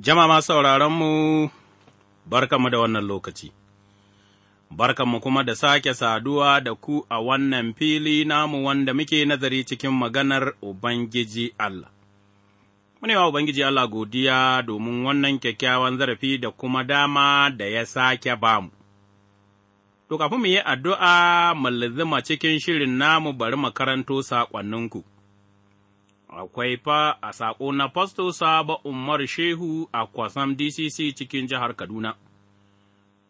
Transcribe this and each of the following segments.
Jama'a sauraronmu, barkanmu da wannan lokaci, barkanmu kuma da sake saduwa da ku a wannan fili namu wanda muke nazari cikin maganar Ubangiji Allah. Mune wa Ubangiji Allah godiya domin wannan kyakkyawan zarafi da kuma dama da ya sake bamu. To, kafin mu yi addu'a, mu cikin shirin namu bari makaranto saƙonninku. akwai fa a saƙo na Fasto Saba Umar Shehu a Kwasam DCC cikin jihar Kaduna.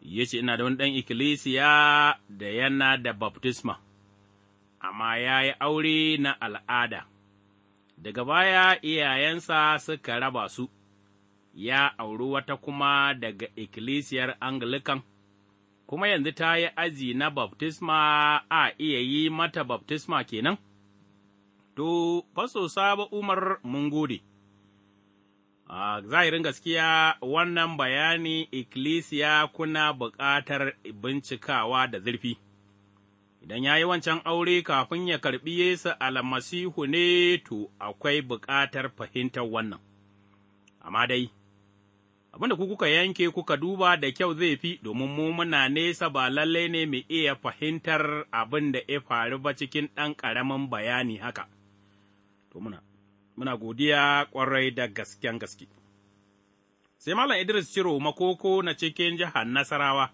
Ya ce, Ina da wani ɗan ikkilisiya da yana da baptisma, amma ya yi aure na al'ada, daga baya iyayensa suka raba su, ya auri wata kuma daga ikkilisiyar Anglican. kuma yanzu ta yi aji na baptisma a iya yi mata baptisma kenan? To, faso ba Umar mun gode. A zahirin gaskiya wannan bayani ikkilisiya kuna buƙatar bincikawa da zurfi, idan ya yi wancan aure kafin ya karɓi Yesu almasihu ne to akwai buƙatar fahimtar wannan, amma dai, abinda ku kuka yanke kuka duba da kyau zai fi domin mu muna nesa ba lallai ne mu iya fahimtar abin da ya faru ba cikin ɗan ƙaramin bayani haka. to muna, muna godiya ƙwarai da gasken gaske. Sai Malam Idris Ciro makoko na cikin jihar Nasarawa,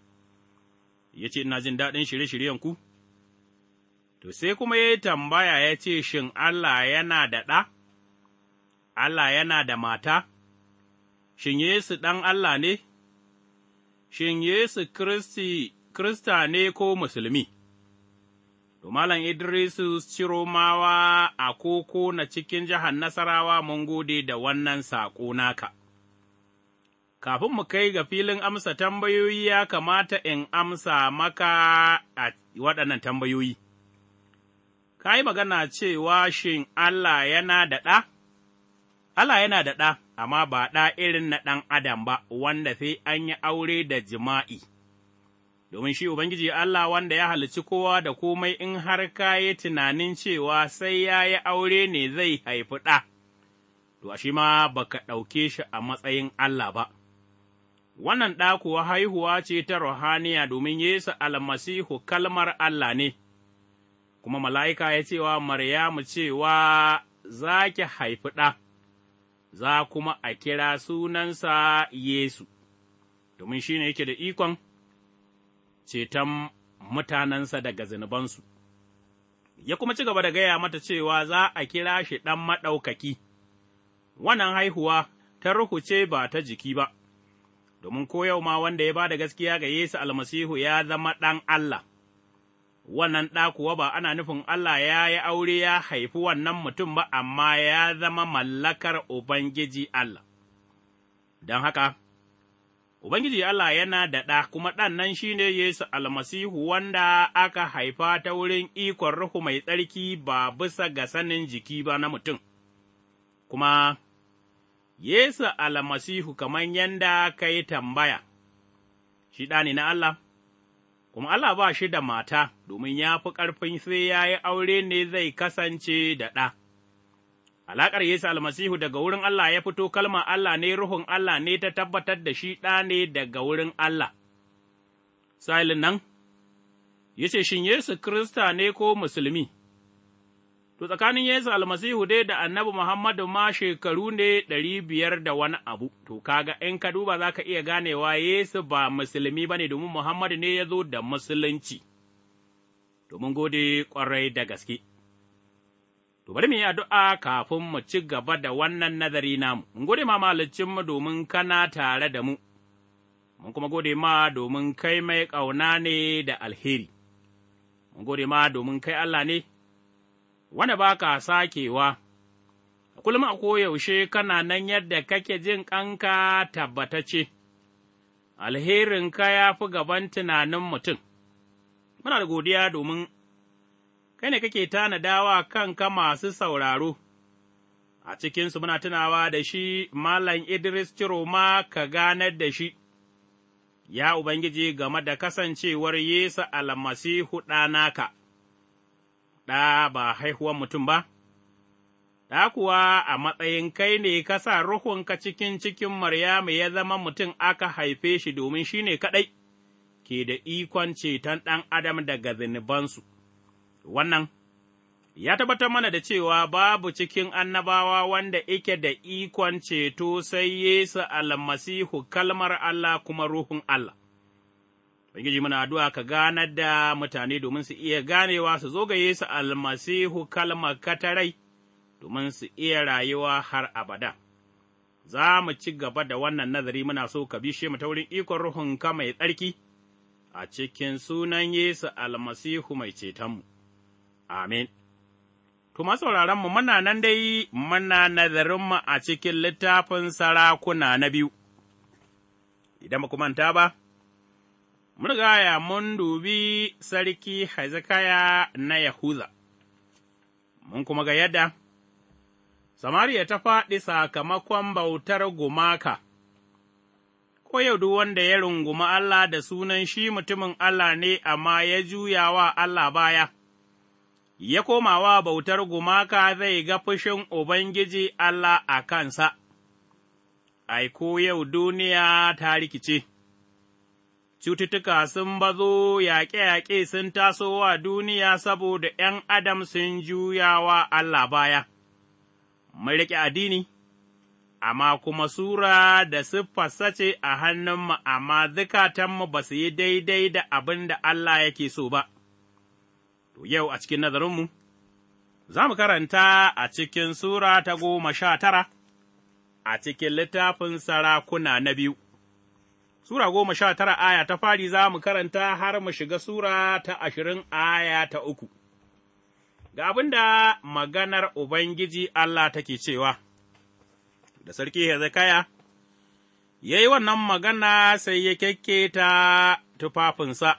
ya ce, Ina jin daɗin shirye-shiryen ku? To sai kuma ya yi tambaya ya ce, Shin Allah yana da ɗa? Allah yana da mata? Shin Yesu ɗan Allah ne? Shin Yesu Kristi Kirista ne ko Musulmi? to Malam Idrisu Ciromawa a koko na cikin jihar Nasarawa mun gode da wannan saƙo naka. Kafin mu kai ga filin amsa tambayoyi ya kamata in amsa maka a waɗannan tambayoyi. Ka yi magana cewa shin Allah yana da ɗa? Allah yana da ɗa, amma ba ɗa irin na ɗan adam ba, wanda sai an yi aure da jima'i. domin shi Ubangiji Allah wanda ya halici kowa da komai in har ka yi tunanin cewa sai ya yi aure ne zai haifi ɗa, to, shi ma ba ka ɗauke shi a matsayin Allah ba. Wannan ɗa kuwa haihuwa ce ta ruhaniya domin Yesu almasihu kalmar Allah ne, kuma mala'ika ya ce wa Maryamu cewa za ki haifi ɗa, za kuma a kira sunansa Yesu, domin shi ne yake da ikon. ceton mutanensa daga zunubansu. Ya kuma ci gaba da gaya mata cewa za a kira shi ɗan maɗaukaki, wannan haihuwa ta ruhu ce ba ta jiki ba, domin koyau ma wanda ya ba da gaskiya ga Yesu almasihu ya zama ɗan Allah. Wannan ɗa kuwa ba ana nufin Allah ya yi aure ya haifi wannan mutum ba, amma ya zama mallakar Ubangiji Allah. Don haka, Ubangiji Allah yana da ɗa, kuma ɗan nan shi ne Yesu almasihu wanda aka haifa ta wurin ikon Ruhu mai tsarki ba bisa ga sanin jiki ba na mutum, kuma Yesu almasihu kamar yanda ka yi tambaya, shi ɗa ne na Allah, kuma Allah ba shi da mata, domin ya fi ƙarfin sai ya yi aure ne zai kasance da ɗa. Alaƙar Yesu almasihu daga wurin Allah ya fito kalma Allah ne ruhun Allah ne ta tabbatar da shi ɗa ne daga wurin Allah. Sa'ilin nan, ya ce, Shin Yesu Kirista ne ko Musulmi? To, tsakanin Yesu almasihu dai da annabi Muhammadu ma shekaru ne ɗari biyar da wani abu, to, kaga in ka duba za ka iya ganewa Yesu ba Musulmi ba ne domin Muhammadu ne ya zo da Musulunci. Domin gode ƙwarai da gaske. To bari mu yi addu'a kafin mu ci gaba da wannan nazari namu, mun gode ma mu domin kana tare da mu, mun kuma gode ma domin kai mai ƙauna ne da alheri, mun gode ma domin kai Allah ne, wanda ba ka sakewa, kullum a koyaushe kana nan yadda kake jin ƙanka tabbatace, alherinka ya fi gaban tunanin mutum. Muna da godiya domin kai ne kake tanadawa kanka masu sauraro, a cikinsu muna tunawa da shi Malam Idris Ciroma ka ganar da shi, ya Ubangiji game da kasancewar Yesu almasihu ɗanaka, ɗa ba haihuwan mutum ba. ɗa kuwa a matsayin kai ne ka sa ruhunka cikin cikin Maryamu ya zama mutum aka haife shi domin shi ne kaɗai ke da ikon ceton ɗan adam daga zunubansu. wannan, ya tabbatar mana da cewa babu cikin annabawa wanda ike da ikon ceto sai Yesu almasihu kalmar Allah kuma Ruhun Allah. bangiji muna addu'a ka ganar da mutane domin su iya ganewa su zo ga Yesu almasihu kalmar katarai domin su iya rayuwa har abada. Za mu ci gaba da wannan nazari muna so ka bishe mu ta wurin ikon ruhunka mai tsarki a cikin sunan Yesu almasihu mai cetonmu. amin. Tuma sauraronmu muna nan dai muna nazarinmu a cikin littafin sarakuna na biyu, idan ba manta ba, mun gaya mun dubi sarki Hezekiah na Yahuza, mun kuma ga yadda Samariya ta faɗi sakamakon bautar gumaka. ko yau wanda ya rungumi Allah da sunan shi mutumin Allah ne, amma ya juya wa Allah baya, ya koma wa bautar gumaka zai ga fushin Ubangiji Allah a kansa, aiko yau duniya ta rikice, cututtuka sun bazo yaƙe-yaƙe sun tasowa duniya saboda ’yan adam sun juyawa Allah baya, mun riƙe addini. amma kuma Sura da siffarsa ce a hannunmu, amma zukatanmu ba su yi daidai da abin da Allah yake so ba, To, yau a cikin nazarinmu, za mu karanta a cikin Sura ta goma sha tara, a cikin littafin sarakuna na biyu. Sura goma sha tara aya ta fari za mu karanta har mu shiga Sura ta ashirin aya ta uku. Ga abin da maganar Ubangiji Allah take cewa, da Sarki Hezekiah ya yi wannan magana sai ya kyakketa tufafinsa.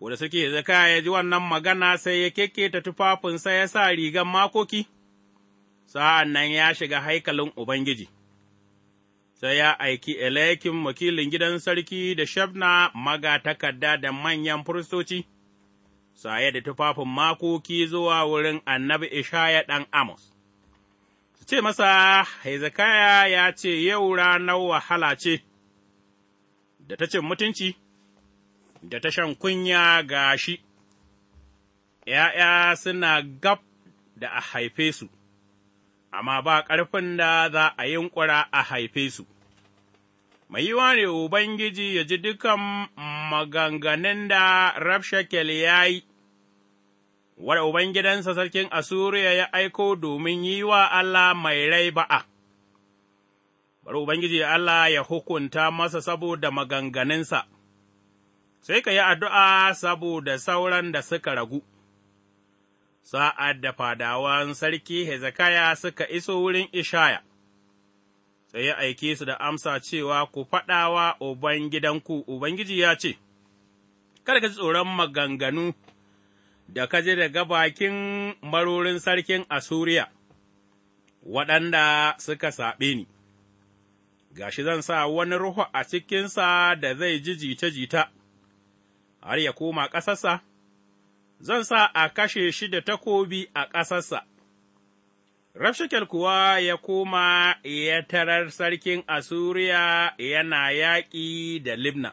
wanda suke zaka ya ji wannan magana sai ya keketa tufafinsa ya sa rigan makoki, sa'an nan ya shiga haikalin Ubangiji, sai ya aiki Elekin wakilin gidan sarki da Shabna magatakarda da manyan firistoci, saye da tufafin makoki zuwa wurin annabi Ishaya ɗan Amos. Su ce masa, Hezekiah ya ce, Yau ranar wahala ce, da ta ce mutunci. da tashan kunya ga shi, ’ya'ya suna gab da a haife su, amma ba ƙarfin da za a yunƙura a haife su. Mai yiwa ne Ubangiji ya ji dukan maganganun da Rabshakel ya yi, wadda Ubangidansa sarkin Asuriya ya aiko domin yi wa Allah mai rai ba'a. Bari Ubangiji Allah ya hukunta masa saboda maganganunsa. sai ka yi addu'a saboda sauran da suka ragu. Sa'ad da fadawan sarki Hezakaya suka iso wurin Ishaya, sai ya aike su da amsa cewa ku faɗawa Ubangidanku, Ubangiji ya ce, Kada ka ji tsoron maganganu da ka ji daga bakin marorin sarkin Asuriya, waɗanda suka saɓe ni, Ga shi zan sa wani ruhu a cikinsa da zai ji jita-jita. har ya koma ƙasarsa, zan sa a kashe shi da takobi a ƙasarsa. Rafshakel kuwa ya koma ya tarar sarkin Asuriya yana yaƙi da Libna,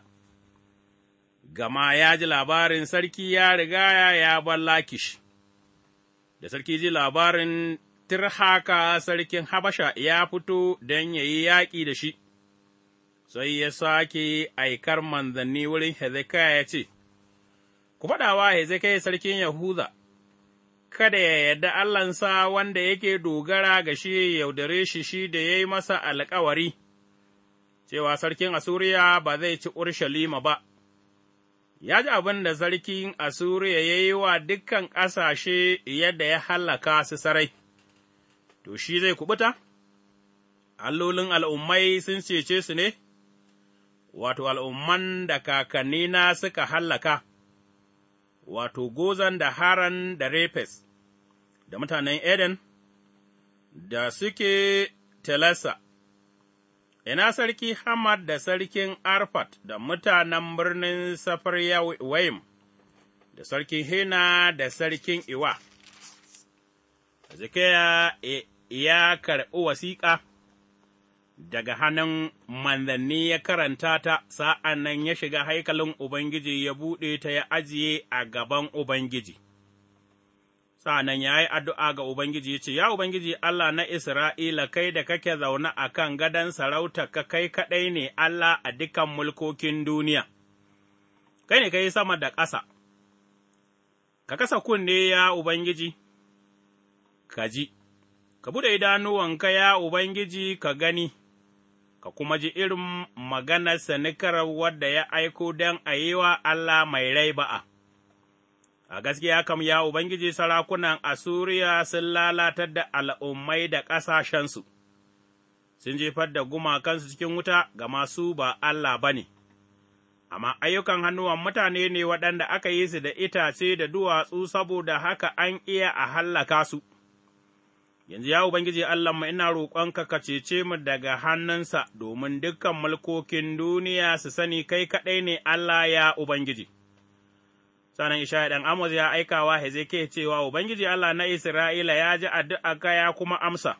gama ya ji labarin sarki ya riga ya bar Lakish, da sarki ji labarin Tirhaka sarkin Habasha ya fito don ya yi yaƙi da shi, sai ya sake aikar manzanni wurin Hezekiah ya ce, ku faɗa wa Hezekiah sarkin Yahuza. kada ya yarda Allahnsa wanda yake dogara ga shi yaudare shi shi da ya yi masa alkawari, cewa sarkin Asuriya ba zai ci Urshalima ba. Ya ji abin da sarkin Asuriya ya yi wa dukkan ƙasashe yadda ya hallaka su sarai, to shi zai kubuta? Allolin al'ummai sun cece su ne, wato al'umman da kakannina suka hallaka. wato, Gozan da Haran da Refes, da mutanen Eden, da suke Telasa, ina sarki Hamad da sarkin Arfat da mutanen birnin Safariya Waim, da sarkin Hina da sarkin Iwa, zikaya ya karɓi wasiƙa. daga hannun manzanni ya karanta ta, sa'an nan ya shiga haikalin Ubangiji ya buɗe ta ya ajiye a gaban Ubangiji. Sa'an nan ya yi addu'a ga Ubangiji ya ce, Ya Ubangiji Allah na Isra'ila, kai da kake zaune a kan gadon sarauta ka kai kaɗai ne Allah a dukan mulkokin duniya, kai ne ka sama da ƙasa, ka kasa kunne ya Ubangiji, ka ji, ka buɗe idanuwanka ya Ubangiji ka gani. ka kuma ji irin maganar sanikar wadda ya aiko don a yi wa Allah mai rai ba'a. A gaskiya kam ya Ubangiji sarakunan Asuriya sun lalatar da al'ummai da ƙasashensu, sun jefar da gumakansu cikin wuta ga masu ba Allah ba ne, amma ayyukan hannuwan mutane ne waɗanda aka yi su da itace da duwatsu saboda haka an iya a hallaka su. Yanzu, ya Ubangiji Allahnmu, ina roƙonka ka cece mu daga hannunsa, domin dukkan mulkokin duniya su sani kai kaɗai ne Allah ya Ubangiji. Sanan Ishaya ɗan Amos ya aika wa Hezekiya cewa Ubangiji Allah na Isra'ila ya ji ga ya kuma amsa.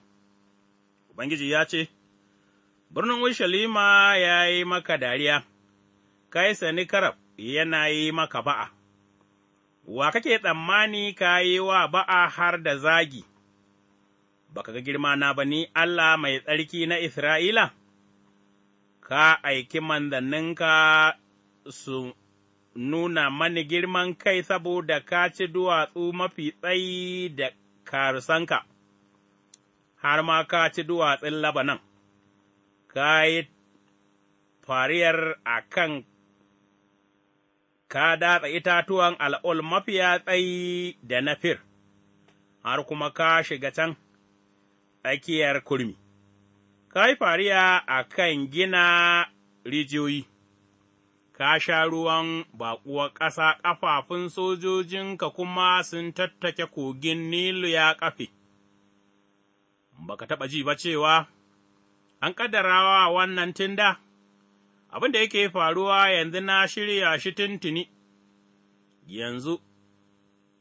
Ubangiji ya ce, Birnin Urshalima ya yi maka dariya, kai sani karab yana yi maka ba'a, wa kake tsammani ka yi wa ba'a har da zagi. ba ka ga girma na ba ni Allah mai tsarki na Isra'ila, ka aiki manzanninka su nuna mani girman kai saboda ka ci duwatsu mafi tsayi da karusanka, har ma ka ci duwatsun Labanan, ka yi fariyar a kan ka datsa itatuwan al'ul mafiya tsayi da na fir, har kuma ka shiga can, tsakiyar kurmi, ka yi fariya a kan gina rijiyoyi, ka sha ruwan baƙuwar ƙasa ƙafafun sojojinka kuma sun tattake kogin Nilu ya ƙafe, ba ka taɓa ji ba cewa an ƙaddarawa wannan tinda, abin da yake faruwa yanzu na shirya shi tuntuni, yanzu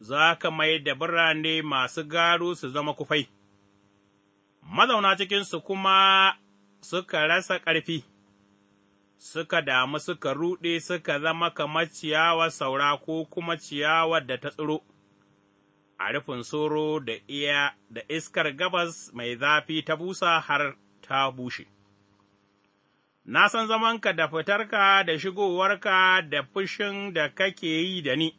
za ka mai da birane masu garu su zama kufai. mazauna cikinsu kuma suka rasa ƙarfi, suka damu suka ruɗe suka zama kamar ciyawa saura ko kuma ciyawar da ta tsiro, a rufin soro da iya da iskar gabas mai zafi ta busa har ta bushe. Na san zamanka da fitarka da shigowarka da fushin da kake yi da ni.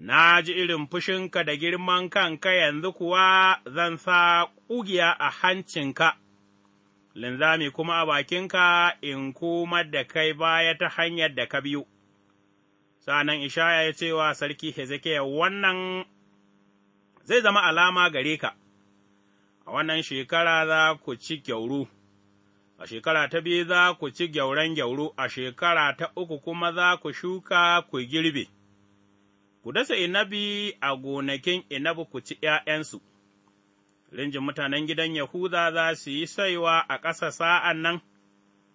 Na ji irin fushinka da girman kanka yanzu kuwa zan sa ƙugiya a hancinka, linzami kuma a bakinka in kuma da kai baya ta hanyar da ka biyu. Sa'an Ishaya ya ce wa Sarki Hezekiya wannan zai zama alama gare ka, a wannan shekara za ku ci gyauru, a shekara ta biyu za ku ci gyauran gyauru, a shekara ta uku kuma za ku shuka ku girbe. ku dasa inabi a gonakin inabi ku ci ’ya'yansu, rinjin mutanen gidan Yahuda za su yi saiwa a ƙasa sa'an nan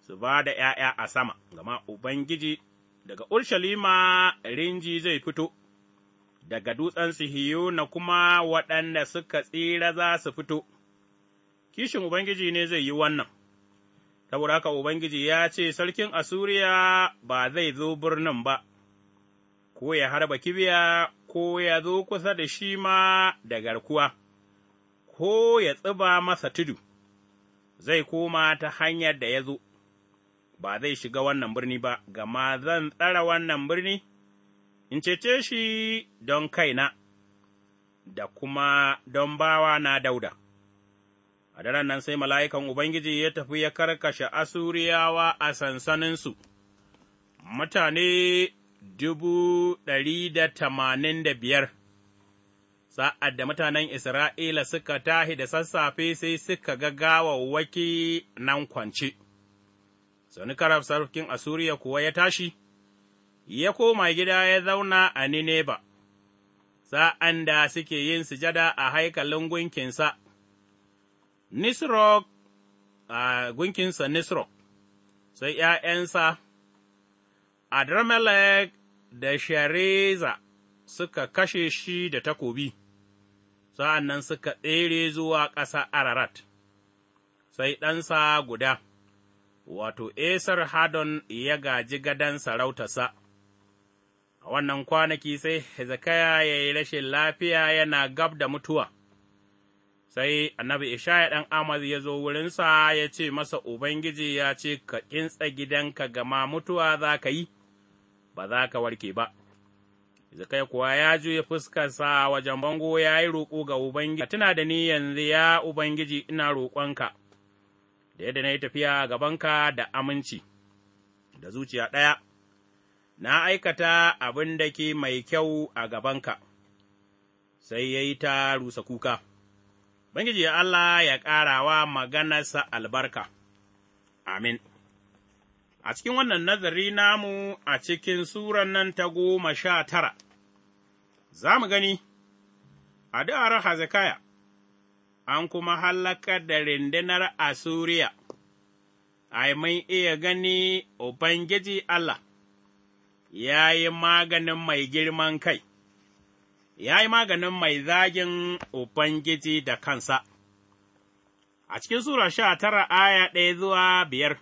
su ba da ’ya'ya a sama, gama Ubangiji daga Urshalima rinji zai fito, daga dutsen na kuma waɗanda suka tsira za su fito, kishin Ubangiji ne zai yi wannan. Saboda haka Ubangiji ya ce, Sarkin Asuriya ba zai zo birnin ba, ko ya harba kibiya, ko ya zo kusa da shi ma da garkuwa, ko ya tsiba masa tudu, zai koma ta hanyar da ya zo, ba zai shiga wannan birni ba, gama zan tsara wannan birni, in cece shi don kaina, da kuma don bawa na dauda. A daren nan sai mala'ikan Ubangiji ya tafi ya karkashe Asuriyawa a sansaninsu, mutane dubu ɗari da tamanin da biyar. Sa'ad da mutanen Isra'ila suka tahi da sassafe sai suka ga waki nan kwance, Sanikarar sarkin Asuriya kuwa ya tashi, ya koma gida ya zauna a Nineba, sa'an da suke yin sujada a haikalin gunkinsa, Nisrok, a gunkinsa Nisrok, sai ’ya'yansa Adramelek da Shereza suka kashe shi da takobi, sa'an nan suka tsere zuwa ƙasa Ararat, sai ɗansa guda, wato, Esar Hadon ya gaji gadon sarautarsa. A wannan kwanaki sai Hezekiah ya yi rashin lafiya yana gab da mutuwa, sai annabi Ishaya ɗan Amaz ya zo wurinsa ya ce masa, Ubangiji ya ce, Ka kintsa gidanka gama mutuwa za ka yi. ba za ka warke ba. Zakai kuwa ya juya fuskarsa wajen bango ya yi roƙo ga Ubangiji, tuna da ni yanzu ya Ubangiji ina roƙonka, da yadda na yi tafiya gabanka da aminci, da zuciya ɗaya, na aikata abin da ke mai kyau a gabanka, sai ya yi ta rusa kuka. Ubangiji Allah ya ƙarawa maganarsa albarka, amin. a cikin wannan nazari namu a cikin suran nan ta goma sha tara, za mu gani, addu'ar Hazakaya, an kuma halaka da rindinar Asuriya, ai, mai iya gani Ubangiji Allah, ya yi maganin mai girman kai, ya yi maganin mai zagin Ubangiji da kansa. A cikin Sura sha tara aya ɗaya zuwa biyar.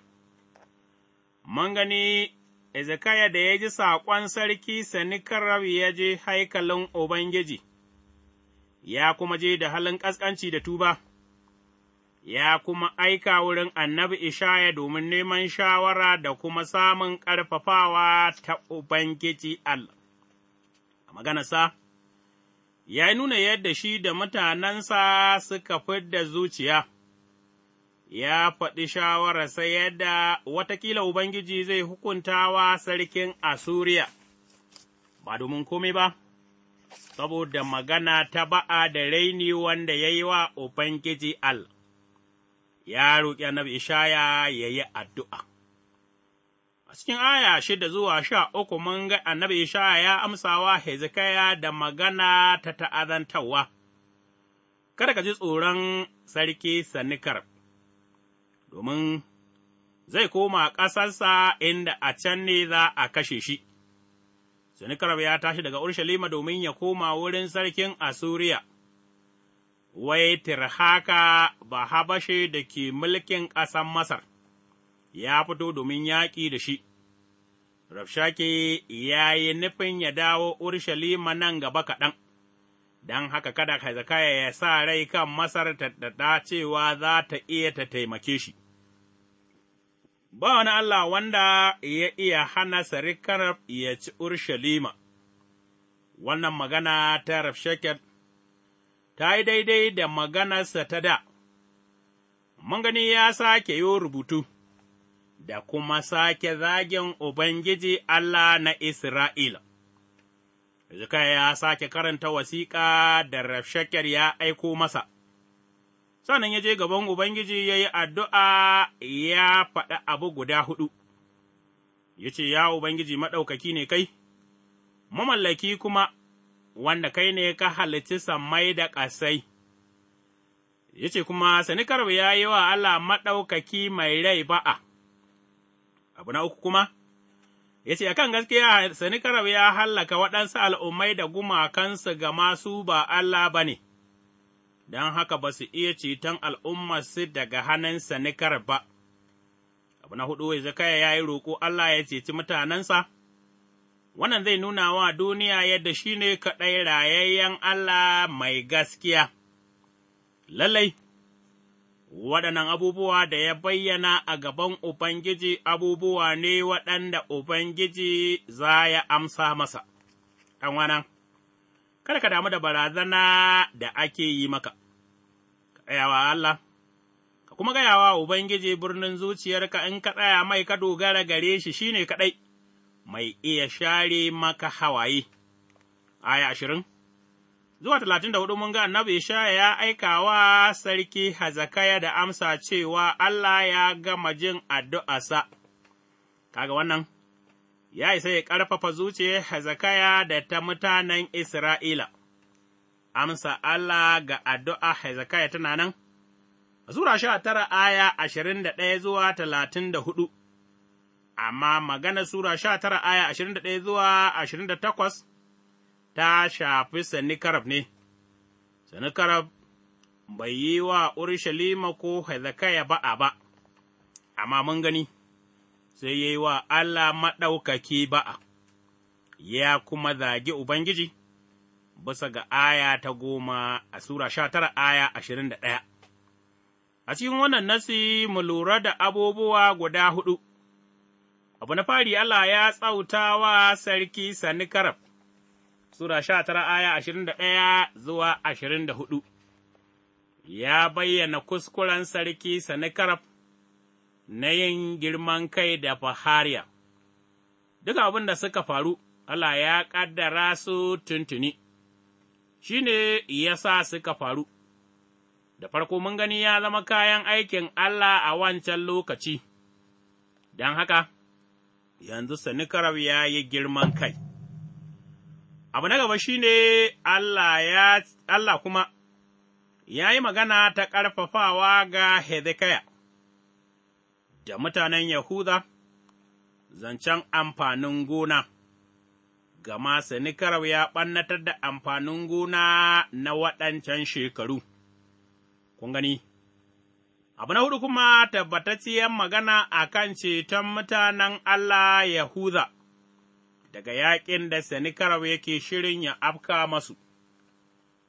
mun gani Ezekaya da ya ji saƙon sarki Sanikarab ya je haikalin Ubangiji, ya kuma je da halin ƙasƙanci da tuba, ya kuma aika wurin annabi Ishaya domin neman shawara da kuma samun ƙarfafawa ta Ubangiji Allah. A maganarsa, ya nuna yadda shi da mutanensa suka fi da zuciya. ya faɗi shawararsa yadda watakila Ubangiji zai hukuntawa sarkin Asuriya, ba domin kome ba, saboda magana ta ba'a da raini wanda ya yi wa Ubangiji al, ya roƙi annabi Ishaya ya yi addu'a. A cikin aya shida zuwa sha uku mun ga annabi Ishaya ya amsawa Hezekiah da magana ta ta'azantarwa, kada ka ji tsoron sarki Sanikar. domin zai koma ƙasarsa inda a can ne za a kashe shi. Sinikarab ya tashi daga Urshalima domin ya koma wurin sarkin Asuriya, wai Tirhaka ba habashe da ke mulkin ƙasar Masar, ya fito domin yaƙi da shi. Rafshake ya yi nufin ya dawo Urshalima nan gaba kaɗan, don haka kada Hezekiah ya sa rai kan Masar ta cewa za ta iya ta taimake shi. ba wani Allah wanda ya iya hana sarikar ya ci Urshalima, wannan magana ta Rafsheket ta yi daidai da maganarsa ta da, mun gani ya sake yi rubutu, da kuma sake zagin Ubangiji Allah na Isra'ila. Hezekiah ya sake karanta wasiƙa da Rafsheket ya aiko masa. sannan ya je gaban Ubangiji ya yi addu'a ya faɗa abu guda huɗu, ya ce, Ya Ubangiji maɗaukaki ne kai, mamallaki kuma wanda kai ne ka halitti sammai da ƙasai. Ya ce kuma, Sanikarwa ya yi wa Allah maɗaukaki mai rai ba'a, abu na uku kuma, ya ce, kan gaskiya, Sanikarwa ya hallaka waɗansu al'ummai da gumakansu ga masu ba Allah ba ne. don haka ba su iya ceton al'ummarsu daga hannun Sanikar ba. Abu na hudu zakaya ya yi roƙo Allah ya ceci mutanensa, wannan zai nuna wa duniya yadda shi ne kaɗai rayayyen Allah mai gaskiya. Lallai, waɗannan abubuwa da ya bayyana a gaban Ubangiji abubuwa ne waɗanda Ubangiji za ya amsa masa, ɗan kada ka damu da barazana da ake yi maka, ka tsayawa Allah, ka kuma gayawa Ubangiji birnin zuciyarka in ka tsaya mai ka dogara gare shi shi ne kaɗai, mai iya share maka hawaye. Aya ashirin Zuwa talatin da hudu mun ga annabi Ishaya ya aika wa sarki Hazakaya da amsa cewa Allah ya gama jin addu'arsa, kaga wannan ya isa ya ƙarfafa zuciyar Hezekiah da ta mutanen Isra'ila. Amsa Allah ga addu'a Hezekiah tana nan, Zura sha tara aya ashirin da ɗaya zuwa talatin da hudu, amma magana Sura sha tara aya ashirin da ɗaya zuwa ashirin da takwas ta shafi Sanikarab ne, Sanikarab bai yi wa Urushalima ko Hezekiah ba'a ba, amma mun gani. sai ya yi wa Allah maɗaukaki ba'a, ya kuma zagi Ubangiji, bisa ga aya ta goma a Sura sha tara aya ashirin da ɗaya. A cikin wannan nasi mu lura da abubuwa guda huɗu, abu na fari Allah ya tsauta wa sarki Sanikarab, Sura sha tara aya ashirin da ɗaya zuwa ashirin da huɗu, ya bayyana kuskuren sarki Sanikarab. na yin girman kai da fahariya. Duk abin da suka faru, Allah ya ƙaddara su tuntuni, shi ne ya sa suka faru, da farko mun gani ya zama kayan aikin Allah a wancan lokaci, don haka, yanzu Sanikarab ya yi girman kai. Abu na gaba shi ne Allah kuma ya yi magana ta ƙarfafawa ga Hezekiah. da mutanen Yahuda, zancen amfanin gona, gama Sanikarau ya ɓannatar da amfanin gona na waɗancan shekaru. Kun gani, abu na hudu kuma tabbatacciyar magana a kan ceton mutanen Allah Yahuda daga yaƙin da Sanikarau yake shirin ya afka masu.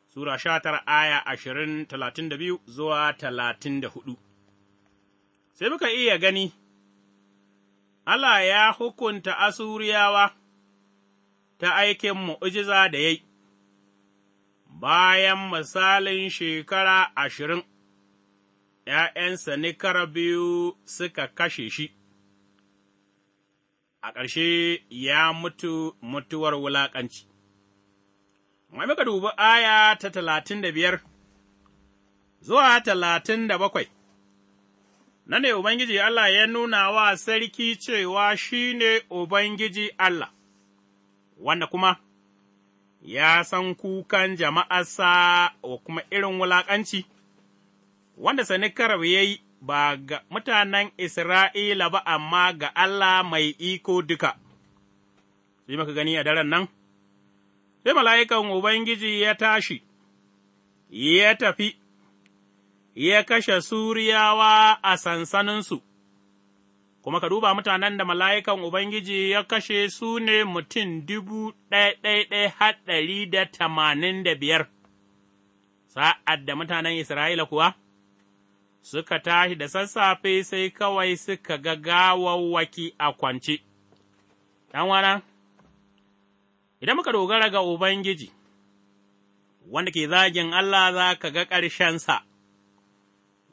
Sura sha tara aya ashirin talatin da biyu zuwa talatin da hudu. sai muka iya gani, Allah ya hukunta Asuriyawa ta aikin mu'ujiza da ya bayan misalin shekara ashirin, ’ya'yansa nikar biyu suka kashe shi, a ƙarshe ya mutu mutuwar wulaƙanci. Mai muka dubi aya ta talatin da biyar zuwa talatin da bakwai. nan ne Ubangiji Allah ya nuna wa sarki cewa shi ne Ubangiji Allah, wanda kuma ya san kukan jama'arsa wa kuma irin wulaƙanci, wanda sanikarar ya yi ba ga mutanen Isra'ila ba, amma ga Allah mai iko duka. Sai maka gani a daren nan, sai mala'ikan Ubangiji ya tashi, ya tafi ya kashe Suriyawa a sansaninsu, kuma ka duba mutanen da mala'ikan Ubangiji ya kashe su ne mutum dubu ɗaya haɗari da tamanin da biyar, sa'ad da mutanen Isra'ila kuwa suka tashi da sassafe sai kawai suka ga gawawwaki a kwance. wana idan muka dogara ga Ubangiji, wanda ke zagin Allah za ka ga ƙarshensa.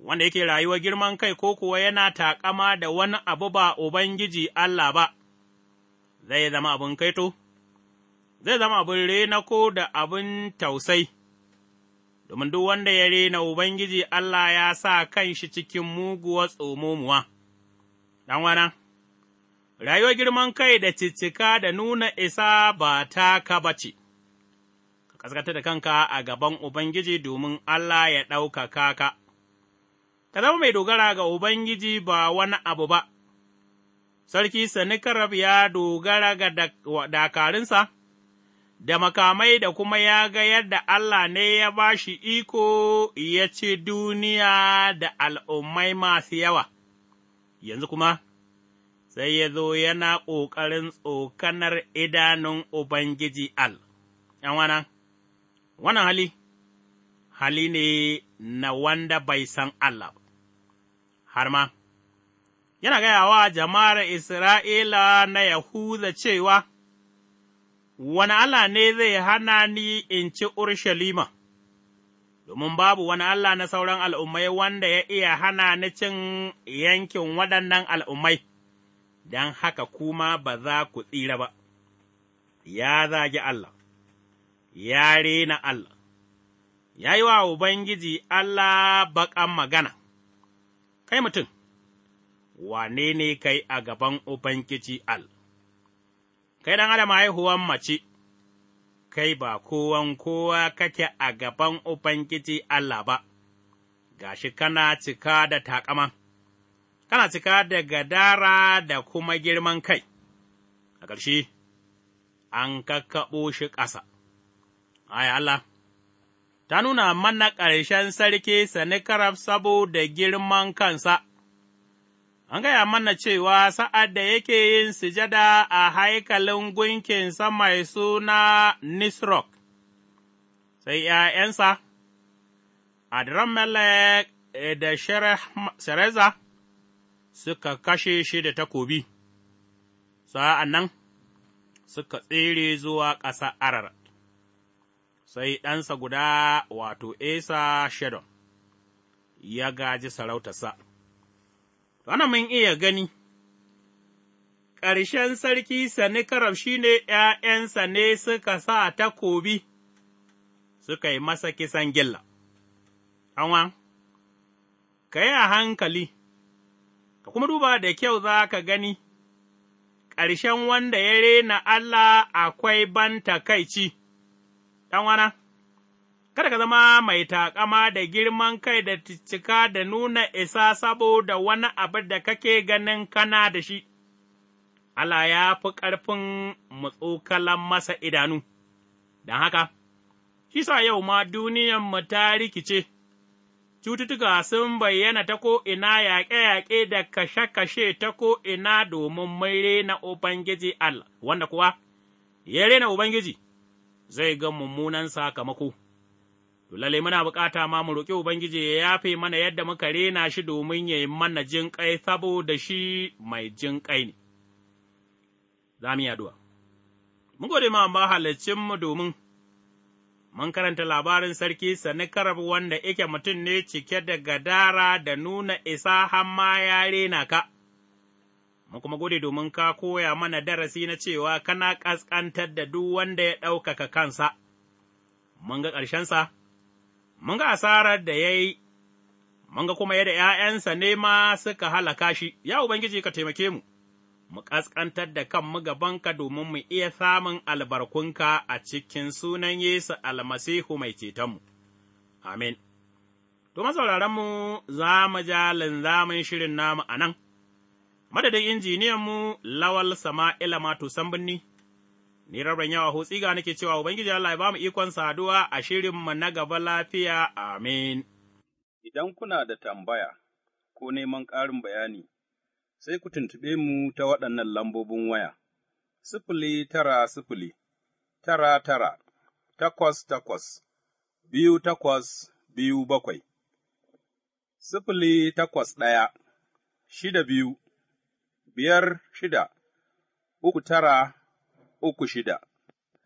wanda yake rayuwa girman kai ko kuwa yana taƙama da wani abu ba Ubangiji Allah ba, zai zama abin kaito, zai zama abin rena ko da abin tausai, domin duk wanda ya rena Ubangiji Allah ya sa kan shi cikin muguwa tsomomuwa. wana, rayuwar girman kai da ciccika da nuna isa ba taka ba ce. Ka da kanka a gaban Ubangiji domin Allah ya ɗaukaka ka. ka zama mai dogara ga Ubangiji ba wani abu ba. Sarki Sanikarab ya dogara ga dakarunsa, da makamai da kuma ya ga yadda Allah ne ya ba shi iko ya ce duniya da al'ummai masu yawa, yanzu kuma sai ya zo yana ƙoƙarin tsokanar idanun Ubangiji Al, ’yan wannan hali, hali ne na wanda bai san Allah ba. har ma. Yana gaya wa jama'ar Isra'ila na Yahuda cewa, Wani Allah ne zai hana ni in ci Urshalima, domin babu wani Allah na sauran al'ummai wanda ya iya hana ni cin yankin waɗannan al'ummai, don haka kuma ba za ku tsira ba, ya zagi Allah, ya rena Allah, ya yi wa Ubangiji Allah baƙan magana. kai mutum, wane ne kai a gaban Ubangiji Al, kai ɗan adam haihuwan mace, kai ba kowan kowa kake a gaban Ubangiji Allah ba, gashi kana cika da taƙama, kana cika da gadara da kuma girman kai, a ƙarshe, an kakkaɓo shi ƙasa, ai Allah. ta nuna mana ƙarshen sarki Sanikarab saboda girman kansa. An gaya mana cewa sa'ad da yake yin sujada a haikalin gunkinsa mai suna Nisrok, sai ’ya'yansa, Adramelek da Shereza suka kashe shi da takobi, sa'an nan suka tsere zuwa ƙasa Arar. sai ɗansa guda wato Esa Shedon ya gaji sarautarsa. Wannan mun iya gani, ƙarshen sarki karam shi ne ’ya'yansa ne suka sa takobi suka yi masa kisan gilla. Anwa, ka yi a hankali, ka kuma duba da kyau za ka gani, ƙarshen wanda ya rena Allah akwai ban takaici. ɗanwana kada ka zama mai taƙama da girman kai da cika da nuna isa saboda wani abu da kake ganin kana da shi, Allah ya fi ƙarfin masa idanu, don haka, shi sa yau ma mu ta rikice. cututtuka sun bayyana ta ko'ina yaƙe-yaƙe da kashe-kashe ta ko'ina domin mai rena Ubangiji Allah, wanda kuwa, ya rena Ubangiji, zai ga mummunan sakamako. To lalle muna bukata ma mu roƙi Ubangiji ya yafe mana yadda muka rena shi domin ya yi mana jin ƙai saboda shi mai jin ƙai ne. Za mu yi Mun gode ma mu domin mun karanta labarin sarki Sanikarab wanda yake mutum ne cike da gadara da nuna isa ma ya rena ka. Mu kuma gode domin ka koya mana darasi na cewa kana ƙasƙantar da duk wanda ya ɗaukaka kansa, mun ga ƙarshensa, mun ga asarar da ya yi, mun ga kuma yadda ’ya'yansa ne ma suka halaka shi, ya Ubangiji ka taimake mu, mu ƙasƙantar da kanmu gabanka domin mu iya samun albarkunka a cikin sunan Yesu almasihu mai cetonmu. Amin. To, masauraranmu za mu ja linzamin shirin namu a nan. madadin injiniyan mu, Lawal Sama'ila Mato Sambunni, ni rabin yawa hotsiga nake cewa Ubangiji Allah ya ba mu ikon saduwa a shirinmu na gaba lafiya, amin. Idan kuna da tambaya ko neman ƙarin bayani, sai ku tuntuɓe mu ta waɗannan lambobin waya, sifili tara sifili, tara tara, takwas takwas, biyu takwas biyu bakwai, sifili takwas ɗaya, shida biyu. biyar shida, uku tara, uku shida.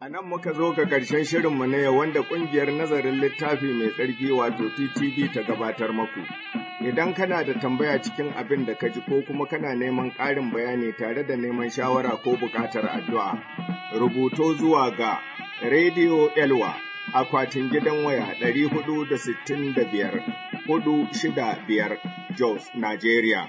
A nan muka zo ga ƙarshen shirinmu na yau wanda ƙungiyar nazarin littafi mai tsarki wato TTD ta gabatar maku. Idan kana da tambaya cikin abin da ka ji ko kuma kana neman ƙarin bayani tare da neman shawara ko buƙatar addu'a, rubuto zuwa ga Radio Elwa akwatin gidan waya ɗari 465 biyar Jos, Nigeria.